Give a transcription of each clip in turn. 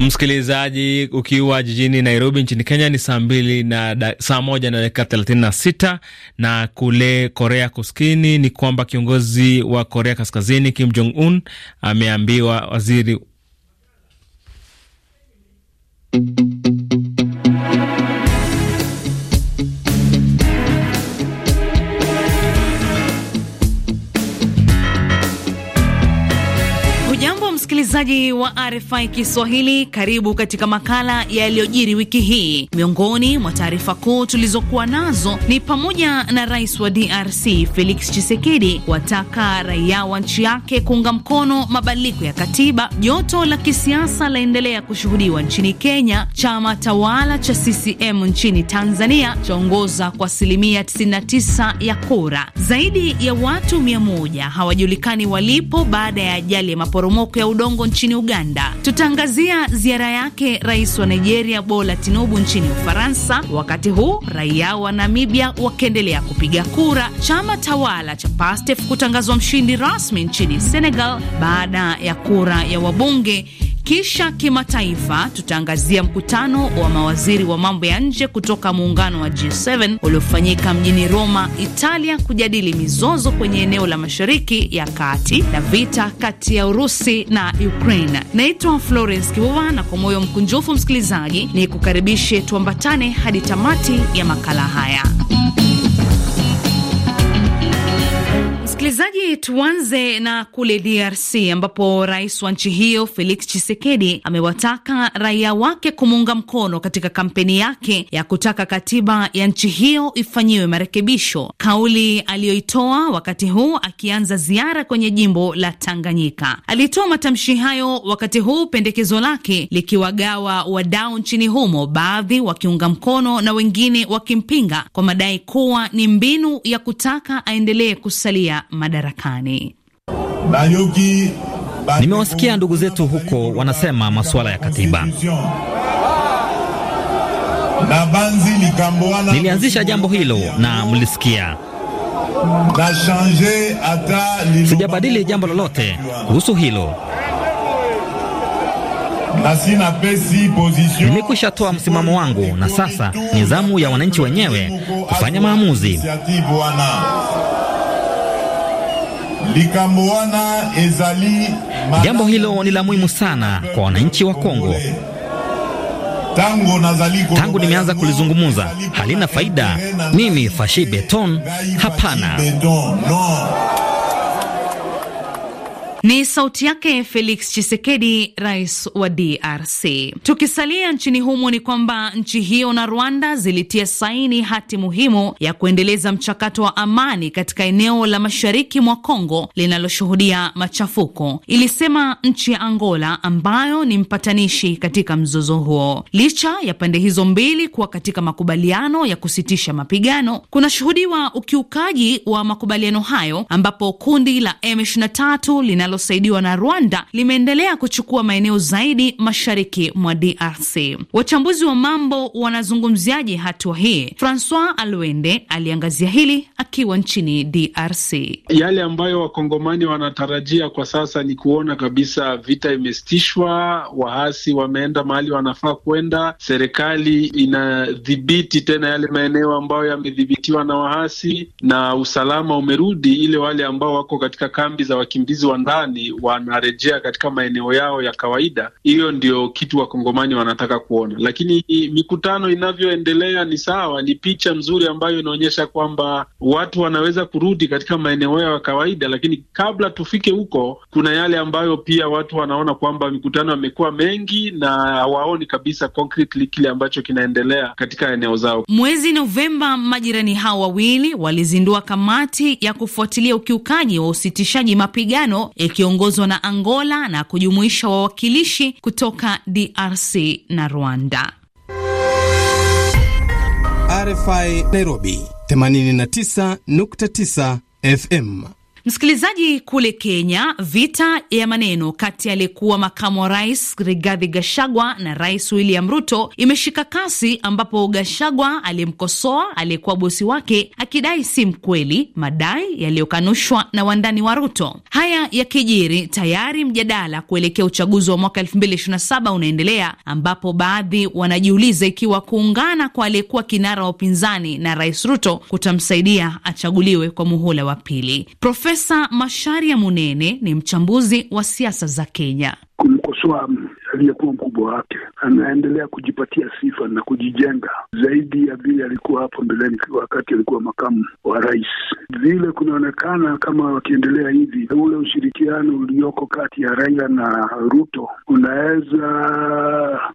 Msikilizaji, ukiwa jijini Nairobi nchini Kenya ni saa mbili na da, saa moja na dakika thelathini na sita na kule Korea Kusini ni kwamba kiongozi wa Korea Kaskazini Kim Jong Un ameambiwa waziri Msikilizaji wa RFI Kiswahili, karibu katika makala yaliyojiri wiki hii. Miongoni mwa taarifa kuu tulizokuwa nazo ni pamoja na rais wa DRC Felix Tshisekedi kuwataka raia wa nchi yake kuunga mkono mabadiliko ya katiba. Joto la kisiasa laendelea kushuhudiwa nchini Kenya. Chama tawala cha CCM nchini Tanzania chaongoza kwa asilimia 99 ya kura. Zaidi ya watu 100 hawajulikani walipo baada ya ajali ya maporomoko ya udongo yupo nchini Uganda. Tutaangazia ziara yake rais wa Nigeria Bola Tinubu nchini Ufaransa, wakati huu raia wa Namibia wakiendelea kupiga kura, chama tawala cha PASTEF kutangazwa mshindi rasmi nchini Senegal baada ya kura ya wabunge kisha kimataifa, tutaangazia mkutano wa mawaziri wa mambo ya nje kutoka muungano wa G7 uliofanyika mjini Roma, Italia, kujadili mizozo kwenye eneo la Mashariki ya Kati na vita kati ya Urusi na Ukraine. Naitwa Florence Kivuva, na kwa moyo mkunjufu msikilizaji, ni kukaribishe tuambatane hadi tamati ya makala haya. Msikilizaji, tuanze na kule DRC ambapo rais wa nchi hiyo Felix Tshisekedi amewataka raia wake kumuunga mkono katika kampeni yake ya kutaka katiba ya nchi hiyo ifanyiwe marekebisho, kauli aliyoitoa wakati huu akianza ziara kwenye jimbo la Tanganyika. Alitoa matamshi hayo wakati huu pendekezo lake likiwagawa wadau nchini humo, baadhi wakiunga mkono na wengine wakimpinga kwa madai kuwa ni mbinu ya kutaka aendelee kusalia madarakani. Nimewasikia ndugu zetu huko wanasema masuala ya katiba. Nilianzisha jambo hilo na mlisikia. Sijabadili jambo lolote kuhusu hilo. Nimekwisha toa msimamo wangu na sasa ni zamu ya wananchi wenyewe kufanya maamuzi. Jambo hilo ni la muhimu sana kwa wananchi wa Kongo. Tangu, nimeanza kulizungumza halina faida. Mimi fashi beton, hapana. Ni sauti yake Felix Chisekedi, rais wa DRC. Tukisalia nchini humo, ni kwamba nchi hiyo na Rwanda zilitia saini hati muhimu ya kuendeleza mchakato wa amani katika eneo la mashariki mwa Kongo linaloshuhudia machafuko, ilisema nchi ya Angola ambayo ni mpatanishi katika mzozo huo. Licha ya pande hizo mbili kuwa katika makubaliano ya kusitisha mapigano, kunashuhudiwa ukiukaji wa makubaliano hayo ambapo kundi la M23 linalo linalosaidiwa na Rwanda limeendelea kuchukua maeneo zaidi mashariki mwa DRC. Wachambuzi wa mambo wanazungumziaje hatua hii? Francois Alwende aliangazia hili akiwa nchini DRC. Yale ambayo wakongomani wanatarajia kwa sasa ni kuona kabisa vita imesitishwa, waasi wameenda mahali wanafaa kwenda, serikali inadhibiti tena yale maeneo ambayo yamedhibitiwa na waasi na usalama umerudi, ile wale ambao wako katika kambi za wakimbizi wa ndani fulani wanarejea katika maeneo yao ya kawaida. Hiyo ndio kitu wakongomani wanataka kuona, lakini mikutano inavyoendelea ni sawa, ni picha mzuri ambayo inaonyesha kwamba watu wanaweza kurudi katika maeneo yao ya kawaida, lakini kabla tufike huko, kuna yale ambayo pia watu wanaona kwamba mikutano yamekuwa mengi na hawaoni kabisa concretely kile ambacho kinaendelea katika eneo zao. Mwezi Novemba, majirani hao wawili walizindua kamati ya kufuatilia ukiukaji wa usitishaji mapigano ikiongozwa na Angola na kujumuisha wawakilishi kutoka DRC na Rwanda. RFI Nairobi 89.9 FM. Msikilizaji, kule Kenya, vita ya maneno kati ya aliyekuwa makamu wa rais Rigathi Gashagwa na rais William Ruto imeshika kasi, ambapo Gashagwa aliyemkosoa aliyekuwa bosi wake akidai si mkweli, madai yaliyokanushwa na wandani wa Ruto. Haya yakijiri, tayari mjadala kuelekea uchaguzi wa mwaka 2027 unaendelea, ambapo baadhi wanajiuliza ikiwa kuungana kwa aliyekuwa kinara wa upinzani na rais Ruto kutamsaidia achaguliwe kwa muhula wa pili. Profesa Profesa Masharia Munene ni mchambuzi wa siasa za Kenya. Kumkosoa aliyekuwa mkubwa wake, anaendelea kujipatia sifa na kujijenga zaidi ya vile alikuwa hapo mbeleni, wakati alikuwa makamu wa rais. Vile kunaonekana kama wakiendelea hivi, ule ushirikiano ulioko kati ya Raila na Ruto unaweza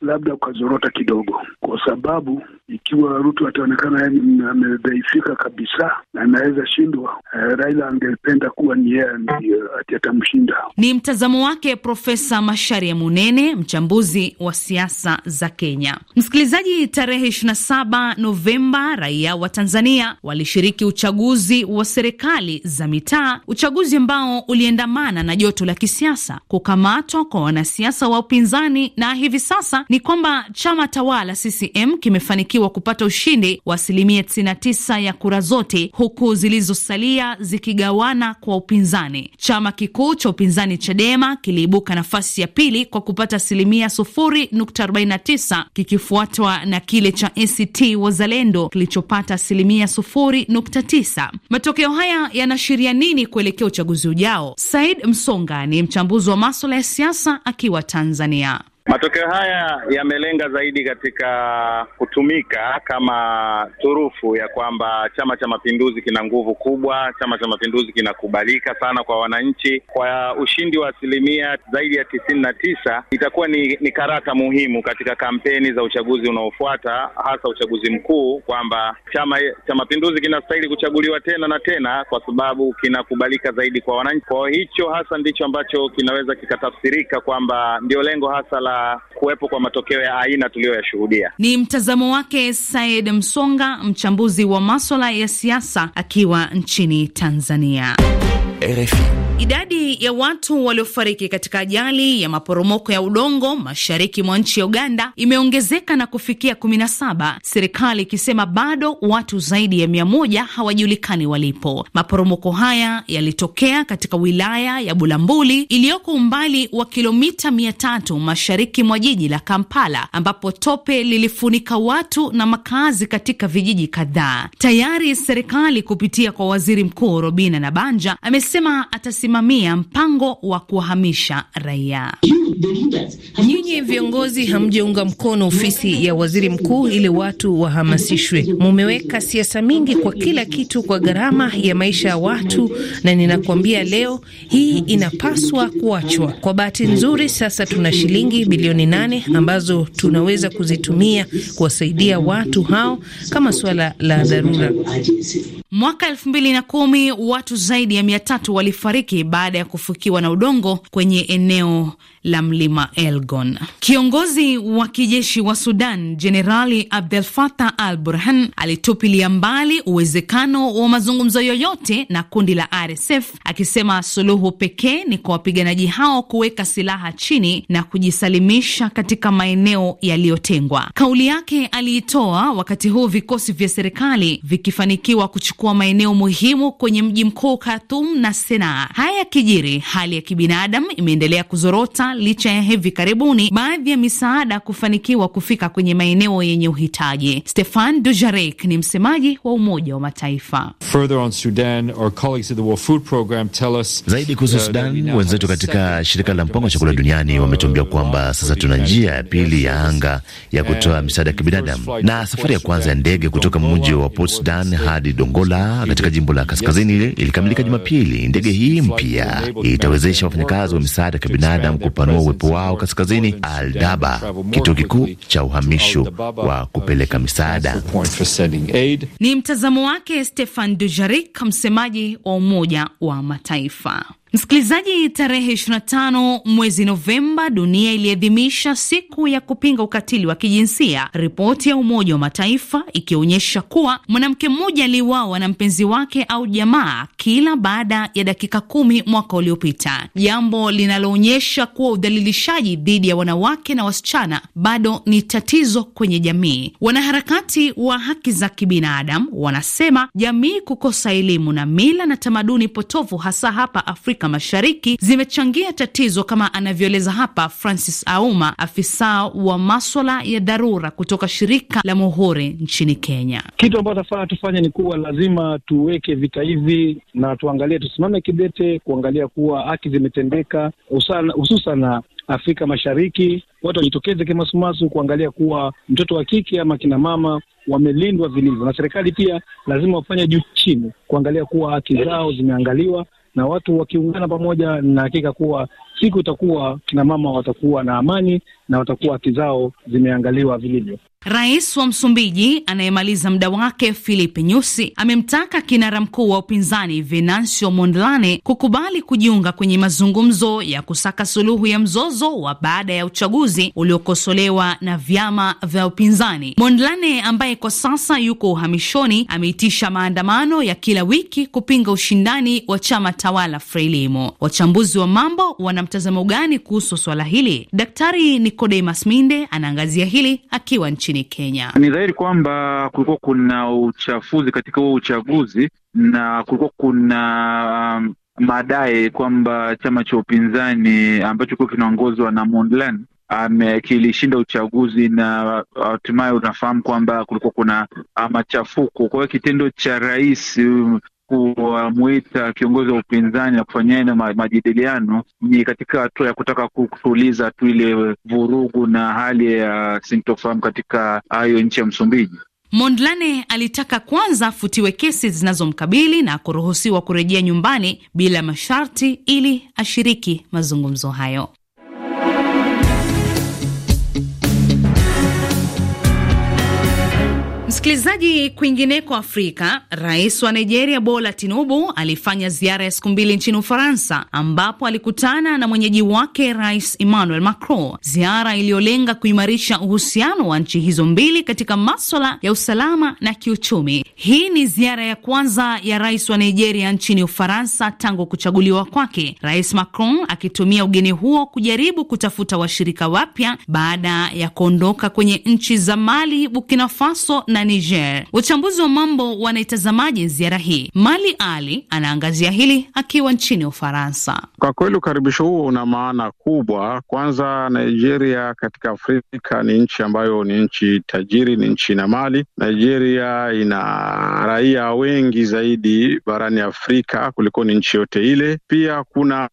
labda ukazorota kidogo, kwa sababu ikiwa Ruto ataonekana yeye amedhaifika kabisa na anaweza shindwa, eh, Raila angependa kuwa ni yeye ndiye atamshinda. Ni mtazamo wake Profesa Masharia Munene mchambuzi wa siasa za Kenya. Msikilizaji, tarehe 27 Novemba, raia wa Tanzania walishiriki uchaguzi wa serikali za mitaa, uchaguzi ambao uliendamana na joto la kisiasa, kukamatwa kwa wanasiasa wa upinzani, na hivi sasa ni kwamba chama tawala CCM kimefanikiwa kupata ushindi wa asilimia 99 ya kura zote, huku zilizosalia zikigawana kwa upinzani. Chama kikuu cha upinzani Chadema kiliibuka nafasi ya pili kwa kupata asilimia 0.49 kikifuatwa na kile cha ACT Wazalendo kilichopata asilimia 0.9. Matokeo haya yanaashiria nini kuelekea uchaguzi ujao? Said Msonga ni mchambuzi wa maswala ya siasa akiwa Tanzania. Matokeo haya yamelenga zaidi katika kutumika kama turufu ya kwamba Chama cha Mapinduzi kina nguvu kubwa, Chama cha Mapinduzi kinakubalika sana kwa wananchi. Kwa ushindi wa asilimia zaidi ya tisini na tisa itakuwa ni, ni karata muhimu katika kampeni za uchaguzi unaofuata, hasa uchaguzi mkuu, kwamba Chama cha Mapinduzi kinastahili kuchaguliwa tena na tena kwa sababu kinakubalika zaidi kwa wananchi. Kwa hicho hasa ndicho ambacho kinaweza kikatafsirika kwamba ndio lengo hasa la uh, kuwepo kwa matokeo ya aina tuliyoyashuhudia. Ni mtazamo wake Said Msonga, mchambuzi wa maswala ya siasa akiwa nchini Tanzania. RFI. Idadi ya watu waliofariki katika ajali ya maporomoko ya udongo mashariki mwa nchi ya Uganda imeongezeka na kufikia 17, serikali ikisema bado watu zaidi ya moja hawajulikani walipo. Maporomoko haya yalitokea katika wilaya ya Bulambuli iliyoko umbali wa kilomita tatu mashariki mwa jiji la Kampala ambapo tope lilifunika watu na makazi katika vijiji kadhaa. Tayari serikali kupitia kwa waziri mkuu Robina Nabanja amesema atasimamia mpango wa kuwahamisha raia. Nyinyi viongozi hamjaunga mkono ofisi ya waziri mkuu ili watu wahamasishwe. Mumeweka siasa mingi kwa kila kitu, kwa gharama ya maisha ya watu, na ninakuambia leo hii inapaswa kuachwa. Kwa bahati nzuri, sasa tuna shilingi bilioni nane ambazo tunaweza kuzitumia kuwasaidia watu hao kama suala la dharura. Mwaka elfu mbili na kumi watu zaidi ya mia tatu walifariki baada ya kufukiwa na udongo kwenye eneo la mlima Elgon. Kiongozi wa kijeshi wa Sudan Jenerali Abdel Fattah al Burhan alitupilia mbali uwezekano wa mazungumzo yoyote na kundi la RSF akisema suluhu pekee ni kwa wapiganaji hao kuweka silaha chini na kujisalimisha katika maeneo yaliyotengwa. Kauli yake aliitoa wakati huu vikosi vya serikali vikifanikiwa kuchukua kuchukua maeneo muhimu kwenye mji mkuu Khartoum na Sanaa. Haya yakijiri, hali ya kibinadamu imeendelea kuzorota licha ya hivi karibuni baadhi ya misaada kufanikiwa kufika kwenye maeneo yenye uhitaji. Stefan Dujarric ni msemaji wa Umoja wa Mataifa. Zaidi kuhusu uh, Sudan, wenzetu katika shirika la mpango wa chakula duniani wametuambia kwamba uh, sasa tuna njia ya pili ya anga ya kutoa misaada ya kibinadamu, na safari ya kwanza ya ndege kutoka mji wa Port Sudan hadi Dongola Angola katika jimbo la kaskazini ilikamilika Jumapili. Ndege hii mpya itawezesha wafanyakazi wa misaada ya kibinadamu kupanua uwepo wao kaskazini Aldaba, kituo kikuu cha uhamisho wa kupeleka misaada. Ni mtazamo wake Stefan dujarik msemaji wa Umoja wa Mataifa. Msikilizaji, tarehe 25 mwezi Novemba dunia iliadhimisha siku ya kupinga ukatili wa kijinsia, ripoti ya Umoja wa Mataifa ikionyesha kuwa mwanamke mmoja aliuawa na mpenzi wake au jamaa kila baada ya dakika kumi mwaka uliopita, jambo linaloonyesha kuwa udhalilishaji dhidi ya wanawake na wasichana bado ni tatizo kwenye jamii. Wanaharakati wa haki za kibinadamu wanasema jamii kukosa elimu na mila na tamaduni potofu hasa hapa Afrika Afrika Mashariki zimechangia tatizo, kama anavyoeleza hapa Francis Auma, afisa wa maswala ya dharura kutoka shirika la Muhuri nchini Kenya. Kitu ambacho tafaa tufanye ni kuwa lazima tuweke vita hivi na tuangalie, tusimame kidete kuangalia kuwa haki zimetendeka, hususan Afrika Mashariki. Watu wajitokeze kimasumasu kuangalia kuwa mtoto wa kike ama kina mama wamelindwa vilivyo, na serikali pia lazima wafanye juu chini kuangalia kuwa haki zao zimeangaliwa na watu wakiungana pamoja, na hakika kuwa siku itakuwa mama watakuwa na amani na watakuwa haki zao zimeangaliwa vilivyo. Rais wa Msumbiji anayemaliza muda wake Filipe Nyusi amemtaka kinara mkuu wa upinzani Venancio Mondlane kukubali kujiunga kwenye mazungumzo ya kusaka suluhu ya mzozo wa baada ya uchaguzi uliokosolewa na vyama vya upinzani. Mondlane ambaye kwa sasa yuko uhamishoni ameitisha maandamano ya kila wiki kupinga ushindani wa chama tawala Frelimo. Wachambuzi wa mambo wana mtazamo gani kuhusu swala hili? Daktari Nicodemas Minde anaangazia hili akiwa nchi nchini Kenya. Ni dhahiri kwamba kulikuwa kuna uchafuzi katika huo uchaguzi na kulikuwa kuna um, madai kwamba chama cha upinzani ambacho kuwa kinaongozwa na Mondlane kilishinda uchaguzi na uh, hatimaye unafahamu kwamba kulikuwa kuna uh, machafuko. Kwa hiyo kitendo cha rais um, kuwamwita kiongozi wa upinzani na kufanyia na majadiliano ni katika hatua ya kutaka kutuliza tu ile vurugu na hali ya sintofahamu katika hayo nchi ya Msumbiji. Mondlane alitaka kwanza afutiwe kesi zinazomkabili na kuruhusiwa kurejea nyumbani bila masharti ili ashiriki mazungumzo hayo. Msikilizaji, kwingineko Afrika, rais wa Nigeria Bola Tinubu alifanya ziara ya siku mbili nchini Ufaransa, ambapo alikutana na mwenyeji wake Rais Emmanuel Macron, ziara iliyolenga kuimarisha uhusiano wa nchi hizo mbili katika maswala ya usalama na kiuchumi. Hii ni ziara ya kwanza ya rais wa Nigeria nchini Ufaransa tangu kuchaguliwa kwake, Rais Macron akitumia ugeni huo kujaribu kutafuta washirika wapya baada ya kuondoka kwenye nchi za Mali, Burkina Faso na Niger. Wachambuzi wa mambo wanaitazamaje ziara hii? Mali Ali anaangazia hili akiwa nchini Ufaransa. Kwa kweli ukaribisho huo una maana kubwa. Kwanza, Nigeria katika Afrika ni nchi ambayo ni nchi tajiri, ni nchi na mali. Nigeria ina raia wengi zaidi barani Afrika kuliko ni nchi yote ile. Pia kuna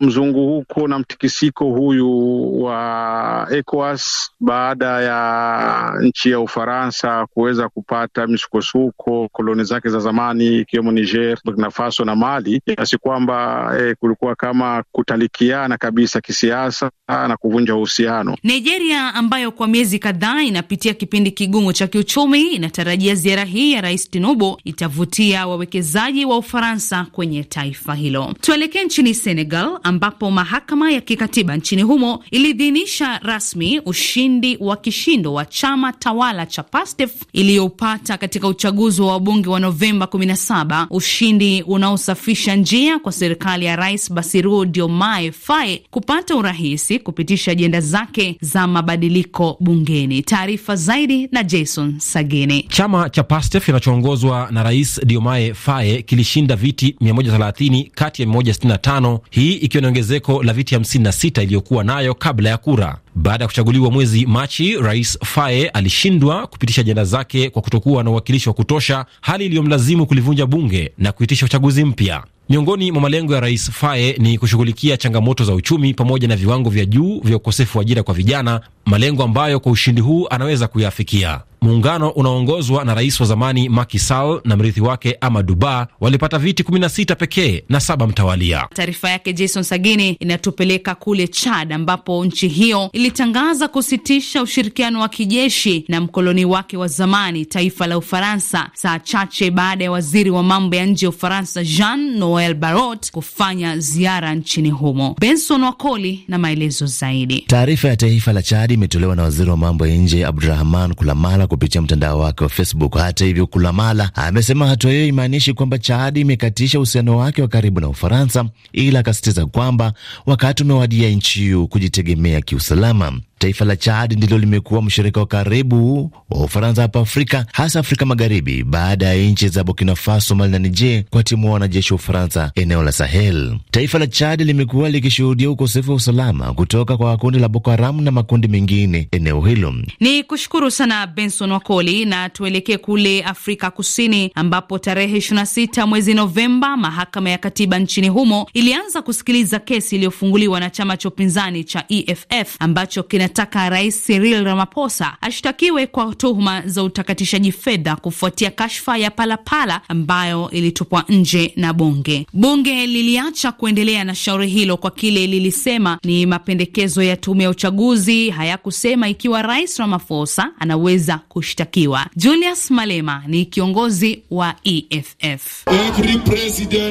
mzunguko na mtikisiko huyu wa ECOWAS baada ya nchi ya Ufaransa ku kuweza kupata misukosuko koloni zake za zamani ikiwemo Niger, Burkina Faso na Mali, kiasi kwamba eh, kulikuwa kama kutalikiana kabisa kisiasa na kuvunja uhusiano. Nigeria ambayo kwa miezi kadhaa inapitia kipindi kigumu cha kiuchumi, inatarajia ziara hii ya Rais Tinubu itavutia wawekezaji wa Ufaransa kwenye taifa hilo. Tuelekee nchini Senegal ambapo mahakama ya kikatiba nchini humo iliidhinisha rasmi ushindi wa kishindo wa chama tawala cha PASTEF iliyopata katika uchaguzi wa wabunge wa Novemba 17, ushindi unaosafisha njia kwa serikali ya Rais Bassirou Diomaye Faye kupata urahisi kupitisha ajenda zake za mabadiliko bungeni. Taarifa zaidi na Jason Sagini. Chama cha PASTEF kinachoongozwa na Rais Diomaye Faye kilishinda viti 130 kati ya 165, hii ikiwa ni ongezeko la viti 56 iliyokuwa nayo kabla ya kura. Baada ya kuchaguliwa mwezi Machi, Rais Faye alishindwa kupitisha ajenda zake kwa kutokuwa na uwakilishi wa kutosha, hali iliyomlazimu kulivunja bunge na kuitisha uchaguzi mpya. Miongoni mwa malengo ya Rais Faye ni kushughulikia changamoto za uchumi pamoja na viwango vya juu vya ukosefu wa ajira kwa vijana, malengo ambayo kwa ushindi huu anaweza kuyafikia. Muungano unaoongozwa na rais wa zamani Macky Sall na mrithi wake Amadou Ba walipata viti 16 pekee na saba mtawalia. Taarifa yake Jason Sagini inatupeleka kule Chad ambapo nchi hiyo ilitangaza kusitisha ushirikiano wa kijeshi na mkoloni wake wa zamani taifa la Ufaransa saa chache baada ya waziri wa mambo ya nje ya Ufaransa Jean Noel Barrot kufanya ziara nchini humo. Benson Wakoli na maelezo zaidi. Taarifa ya taifa la Chad imetolewa na waziri wa mambo ya nje Abdurahman Kulamala kupitia mtandao wake wa Facebook. Hata hivyo, Kulamala amesema hatua hiyo imaanishi kwamba Chadi imekatisha uhusiano wake wa karibu na Ufaransa, ila akasisitiza kwamba wakati umewadia nchi hiyo kujitegemea kiusalama. Taifa la Chad ndilo limekuwa mshirika wa karibu wa Ufaransa hapa Afrika, hasa Afrika Magharibi, baada ya nchi za Burkina Faso, Mali na Niger kuwatimua wanajeshi wa Ufaransa eneo la Sahel. Taifa la Chad limekuwa likishuhudia ukosefu wa usalama kutoka kwa kundi la Boko Haramu na makundi mengine eneo hilo. Ni kushukuru sana Benson Wakoli, na tuelekee kule Afrika Kusini ambapo tarehe 26 mwezi Novemba mahakama ya katiba nchini humo ilianza kusikiliza kesi iliyofunguliwa na chama cha upinzani cha EFF ambacho kina inataka Rais Cyril Ramaphosa ashtakiwe kwa tuhuma za utakatishaji fedha kufuatia kashfa ya Palapala ambayo ilitupwa nje na bunge. Bunge liliacha kuendelea na shauri hilo kwa kile lilisema ni mapendekezo ya tume ya uchaguzi. Hayakusema ikiwa Rais Ramaphosa anaweza kushtakiwa. Julius Malema ni kiongozi wa EFF.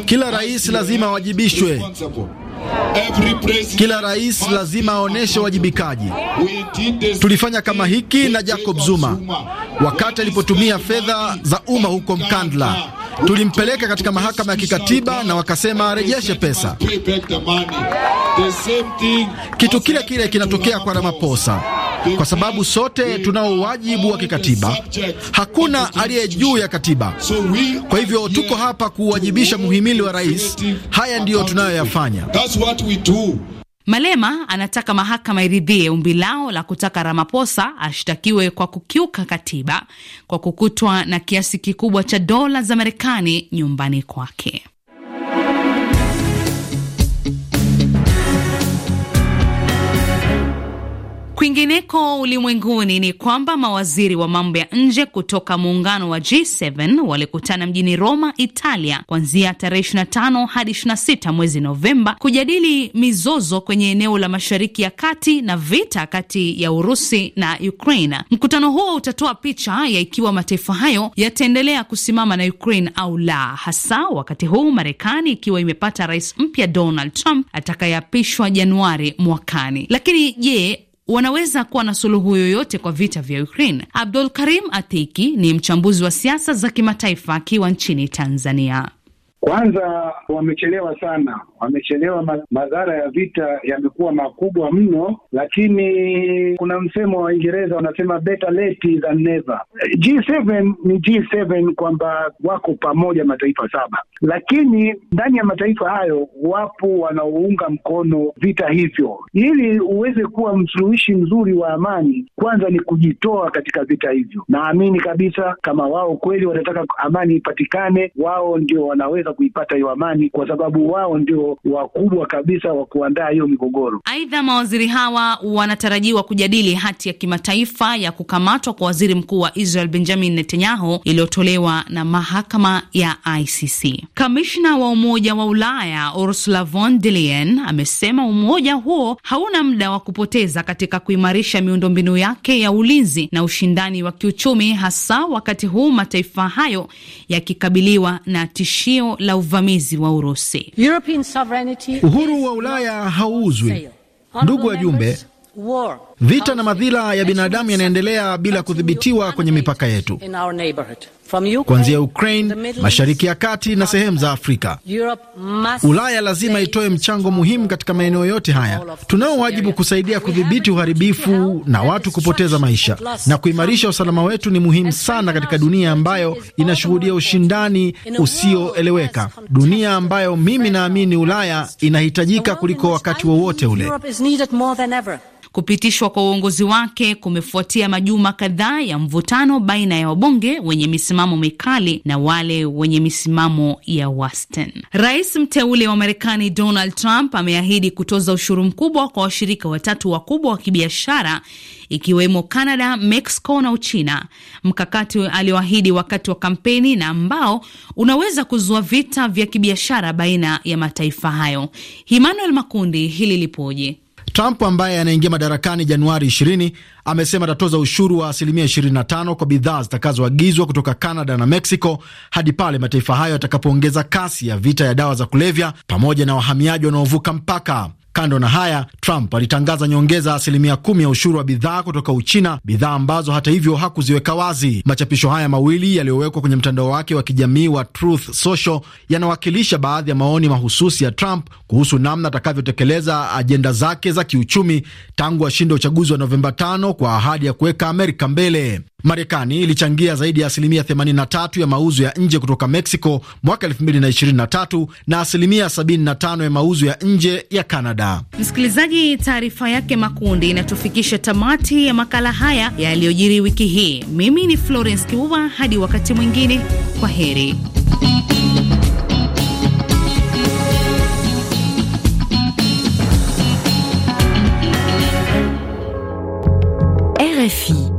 Kila rais lazima awajibishwe kila rais lazima aoneshe wajibikaji. Tulifanya kama hiki na Jacob Zuma wakati alipotumia fedha za umma huko Mkandla. Tulimpeleka katika mahakama ya kikatiba na wakasema arejeshe pesa. Kitu kile kile kinatokea kwa Ramaphosa kwa sababu sote tunao wajibu wa kikatiba. Hakuna aliye juu ya katiba. Kwa hivyo tuko hapa kuwajibisha muhimili wa rais. Haya ndiyo tunayoyafanya. Malema anataka mahakama iridhie ombi lao la kutaka Ramaphosa ashtakiwe kwa kukiuka katiba kwa kukutwa na kiasi kikubwa cha dola za Marekani nyumbani kwake. Kwingineko ulimwenguni ni kwamba mawaziri wa mambo ya nje kutoka muungano wa G7 walikutana mjini Roma, Italia, kuanzia tarehe 25 hadi 26 mwezi Novemba kujadili mizozo kwenye eneo la Mashariki ya Kati na vita kati ya Urusi na Ukraine. Mkutano huo utatoa picha ya ikiwa mataifa hayo yataendelea kusimama na Ukraine au la, hasa wakati huu Marekani ikiwa imepata rais mpya Donald Trump atakayeapishwa Januari mwakani. Lakini je, wanaweza kuwa na suluhu yoyote kwa vita vya Ukraine. Abdul Karim Atiki ni mchambuzi wa siasa za kimataifa akiwa nchini Tanzania. Kwanza wamechelewa sana, wamechelewa. Madhara ya vita yamekuwa makubwa mno, lakini kuna msemo wa Waingereza wanasema better late than never. G7 ni G7 kwamba wako pamoja mataifa saba, lakini ndani ya mataifa hayo wapo wanaounga mkono vita hivyo. Ili uweze kuwa msuluhishi mzuri wa amani, kwanza ni kujitoa katika vita hivyo. Naamini kabisa kama wao kweli wanataka amani ipatikane, wao ndio wanaweza kuipata hiyo amani, kwa sababu wao ndio wakubwa kabisa wa kuandaa hiyo migogoro. Aidha, mawaziri hawa wanatarajiwa kujadili hati ya kimataifa ya kukamatwa kwa waziri mkuu wa Israel Benjamin Netanyahu iliyotolewa na mahakama ya ICC. Kamishna wa Umoja wa Ulaya Ursula von der Leyen amesema umoja huo hauna muda wa kupoteza katika kuimarisha miundombinu yake ya ulinzi na ushindani wa kiuchumi, hasa wakati huu mataifa hayo yakikabiliwa na tishio la uvamizi wa Urusi. Uhuru wa Ulaya hauuzwi, ndugu wajumbe. Vita na madhila ya binadamu yanaendelea bila kudhibitiwa kwenye mipaka yetu, kuanzia Ukraine, Mashariki ya Kati na sehemu za Afrika. Ulaya lazima itoe mchango muhimu katika maeneo yote haya. Tunao wajibu kusaidia kudhibiti uharibifu na watu kupoteza maisha, na kuimarisha usalama wetu ni muhimu sana katika dunia ambayo inashuhudia ushindani usioeleweka, dunia ambayo mimi naamini Ulaya inahitajika kuliko wakati wowote ule. Kupitishwa Kuangushwa kwa uongozi wake kumefuatia majuma kadhaa ya mvutano baina ya wabunge wenye misimamo mikali na wale wenye misimamo ya wastani. Rais mteule wa Marekani Donald Trump ameahidi kutoza ushuru mkubwa kwa washirika watatu wakubwa wa kibiashara ikiwemo Canada, Mexico na Uchina, mkakati alioahidi wakati wa kampeni na ambao unaweza kuzua vita vya kibiashara baina ya mataifa hayo. Emmanuel Makundi, hili lipoje? Trump ambaye anaingia madarakani Januari 20 amesema atatoza ushuru wa asilimia 25 kwa bidhaa zitakazoagizwa kutoka Canada na Mexico hadi pale mataifa hayo yatakapoongeza kasi ya vita ya dawa za kulevya pamoja na wahamiaji wanaovuka mpaka. Kando na haya, Trump alitangaza nyongeza asilimia kumi ya ushuru wa bidhaa kutoka Uchina, bidhaa ambazo hata hivyo hakuziweka wazi. Machapisho haya mawili yaliyowekwa kwenye mtandao wake wa kijamii wa Truth Social yanawakilisha baadhi ya maoni mahususi ya Trump kuhusu namna atakavyotekeleza ajenda zake za kiuchumi tangu ashinde uchaguzi wa Novemba 5 kwa ahadi ya kuweka Amerika mbele. Marekani ilichangia zaidi ya asilimia 83 ya mauzo ya nje kutoka Mexico mwaka 2023 na asilimia 75 ya mauzo ya nje ya Canada. Msikilizaji, taarifa yake makundi inatufikisha tamati ya makala haya yaliyojiri wiki hii. Mimi ni Florence Kiuva, hadi wakati mwingine, kwa heri. RFI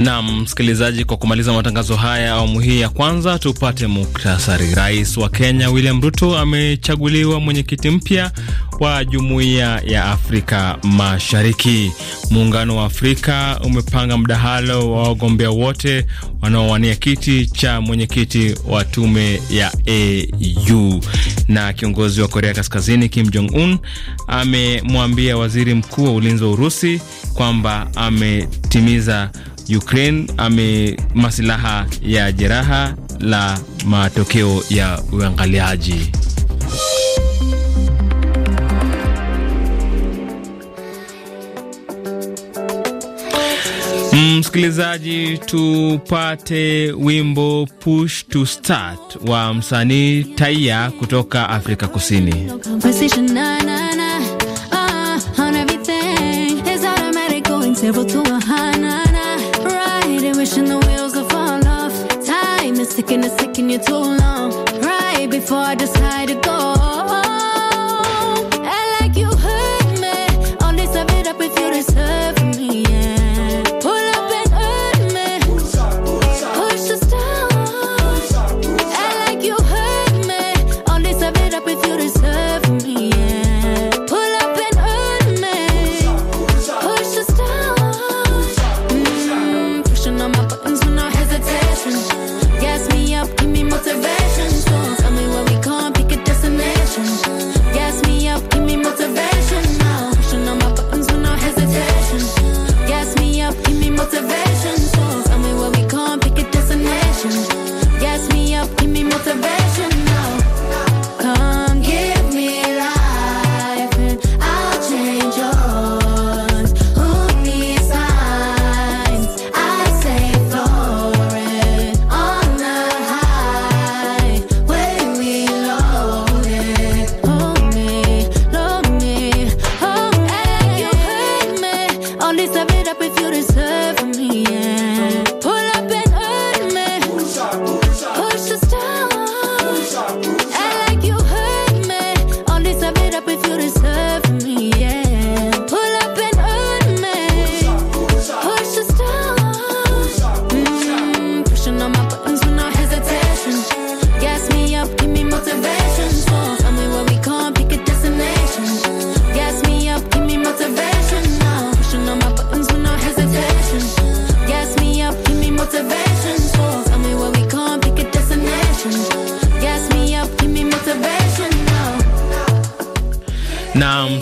Nam msikilizaji, kwa kumaliza matangazo haya awamu hii ya kwanza, tupate muktasari. Rais wa Kenya William Ruto amechaguliwa mwenyekiti mpya wa Jumuiya ya Afrika Mashariki. Muungano wa Afrika umepanga mdahalo wa wagombea wote wanaowania kiti cha mwenyekiti wa tume ya AU. Na kiongozi wa Korea Kaskazini Kim Jong Un amemwambia waziri mkuu wa ulinzi wa Urusi kwamba ametimiza Ukraine ame masilaha ya jeraha la matokeo ya uangaliaji. Msikilizaji, tupate wimbo Push to Start wa msanii Taiya kutoka Afrika Kusini. pushing the wheels of our love. Time is ticking, it's ticking you too long. Right before I decide to go.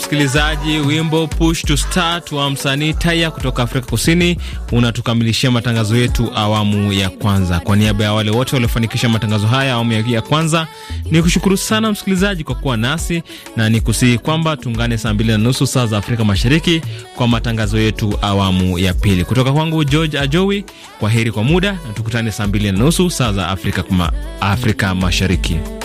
msikilizaji, wimbo push to start wa msanii Taya kutoka Afrika Kusini unatukamilishia matangazo yetu awamu ya kwanza. Kwa niaba ya wale wote waliofanikisha matangazo haya awamu ya kwanza, ni kushukuru sana msikilizaji kwa kuwa nasi na ni kusihi kwamba tuungane saa mbili na nusu saa za Afrika Mashariki kwa matangazo yetu awamu ya pili. Kutoka kwangu George Ajowi, kwa heri kwa muda na tukutane saa mbili na nusu saa za Afrika, Afrika Mashariki.